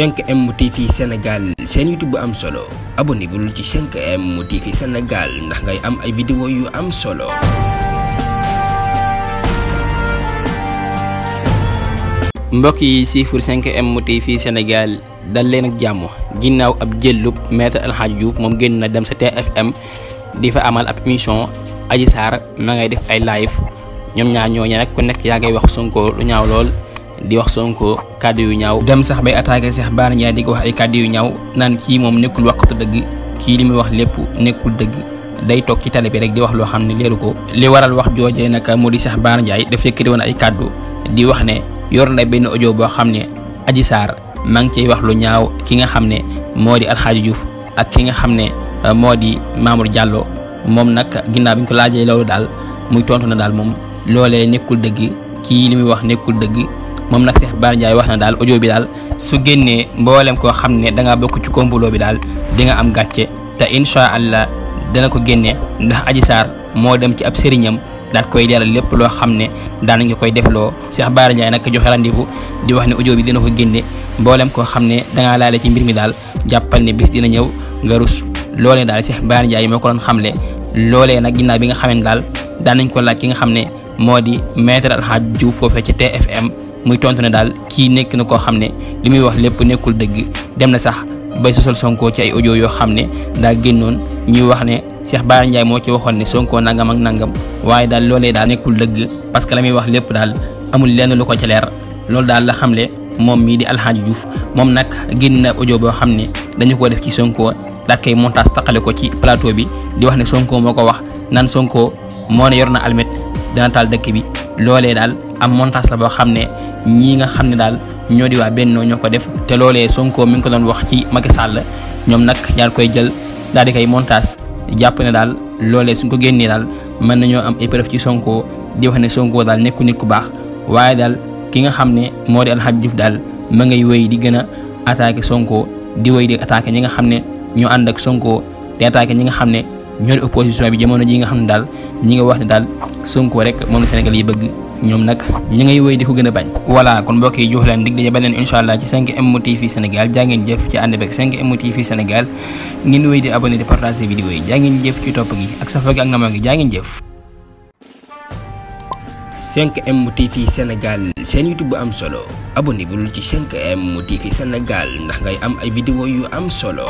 5M TV Sénégal seen bu am solo abonné bul ci 5M TV Sénégal ndax ngay am ay vidéo yu am solo. mbokk yi siifur 5M TV Sénégal dal leen ak jàmm ginnaaw ab jëllub maître El Hadj moom génn na dem sa TFM di fa amal ab mission aji Sarr ma ngay def ay live ñoom ñaar ñooñu nag ku nekk yaa ngay wax Sonko lu ñaaw lool. di wax Sonko kaddu yu ñaaw dem sax bay attaqué Cheikh Bara Ndiaye di ko wax ay kàddu yu ñaaw naan kii moom nekkul wax ko dëgg kii li muy wax lépp nekkul dëgg day ci télé bi rek di wax loo xam ne leeru ko li waral wax joojee nag moo di Cheikh Bara Ndiaye dafa yëkkati woon ay kàddu di wax ne yor na benn audio boo xam ne Adji Sarr maa ngi cay wax lu ñaaw ki nga xam ne moo di Alxaaji Diouf ak ki nga xam ne euh, moo di Mamour Diallo moom nag ginnaaw bi ko laajee loolu daal muy tontu na daal moom loolee nekkul dëgg kii li muy wax nekkul dëgg moom nag Cheikh Bara Ndiaye wax na daal audio bi daal su génnee mboolem koo xam ne da bokk ci complot bi daal di nga am gàcce te in incha allah dana ko génne ndax Adji Sarr moo dem ci ab sëriñam daal koy leeral lépp loo xam ne daan nga koy defloo Cheikh Bara Ndiaye nag joxe rendez di wax ne audio bi dina ko génne mboolem koo xam ne da ngaa ci mbir mi daal jàppal ne bis dina ñëw nga rus loolee daal Cheikh Bara Ndiaye moo ko doon xamle loolee nag ginnaaw bi nga xamee daal daan nañ ko laaj ki nga xam ne moo di maître Alhaaj Diouf foofee ci TFM muy tontu ne daal kii nekk na koo xam ne li muy wax lépp nekkul dëgg dem na sax bay sosal Sonko ci ay audio yoo xam ne daa génnoon ñuy wax ne Cheikh baa Ndiaye moo ci waxoon ne Sonko nangam ak nangam waaye daal loolee daa nekkul dëgg parce que la wax lépp daal amul lenn lu ko ci leer loolu daal la xamle moom mii di Alxaaji Diouf moom nag génn na audio boo xam ne dañu ko def ci Sonko daat koy montage taqale ko ci plateau bi di wax ne Sonko moo ko wax naan Sonko moo ne yor na almet dana taal dëkk bi loolee daal am montage la boo xam ne ñii nga xam ne daal ñoo di waa Benno ñoo ko def te loolee Sonko mi ngi ko doon wax ci Macky Sall ñoom nag ñaar koy jël daal di koy montage jàpp ne daal loolee suñ ko génnee daal mën nañoo am ay preuve Sonko di wax ne Sonko daal nekku ku baax waaye daal ki nga xam ne moo di Alxaaj Juuf daal ma ngay wéy di gën a attaqué Sonko di wéy di attaqué ñi nga xam ne ñoo ànd ak Sonko di attaqué ñi nga xam ne ñoo di opposition bi jamono ji nga xam ne daal ñi nga wax ne daal Sonko rek moom la Sénégal yi bëgg ñoom nag ñu ngay wéy di ko gën a bañ voilà kon mbokk yi jox leen dig daje beneen incha allah ci 5M TV Sénégal jaa ngeen ci ànd beeg 5M TV ngeen wéy di abonné di partager vidéo yi jaa ngeen jëf ci topp gi ak safa gi ak namoo gi jaa ngeen jëf 5M TV Sénégal seen YouTube bu am solo abonné lu ci 5M TV Sénégal ndax ngay am ay vidéo yu am solo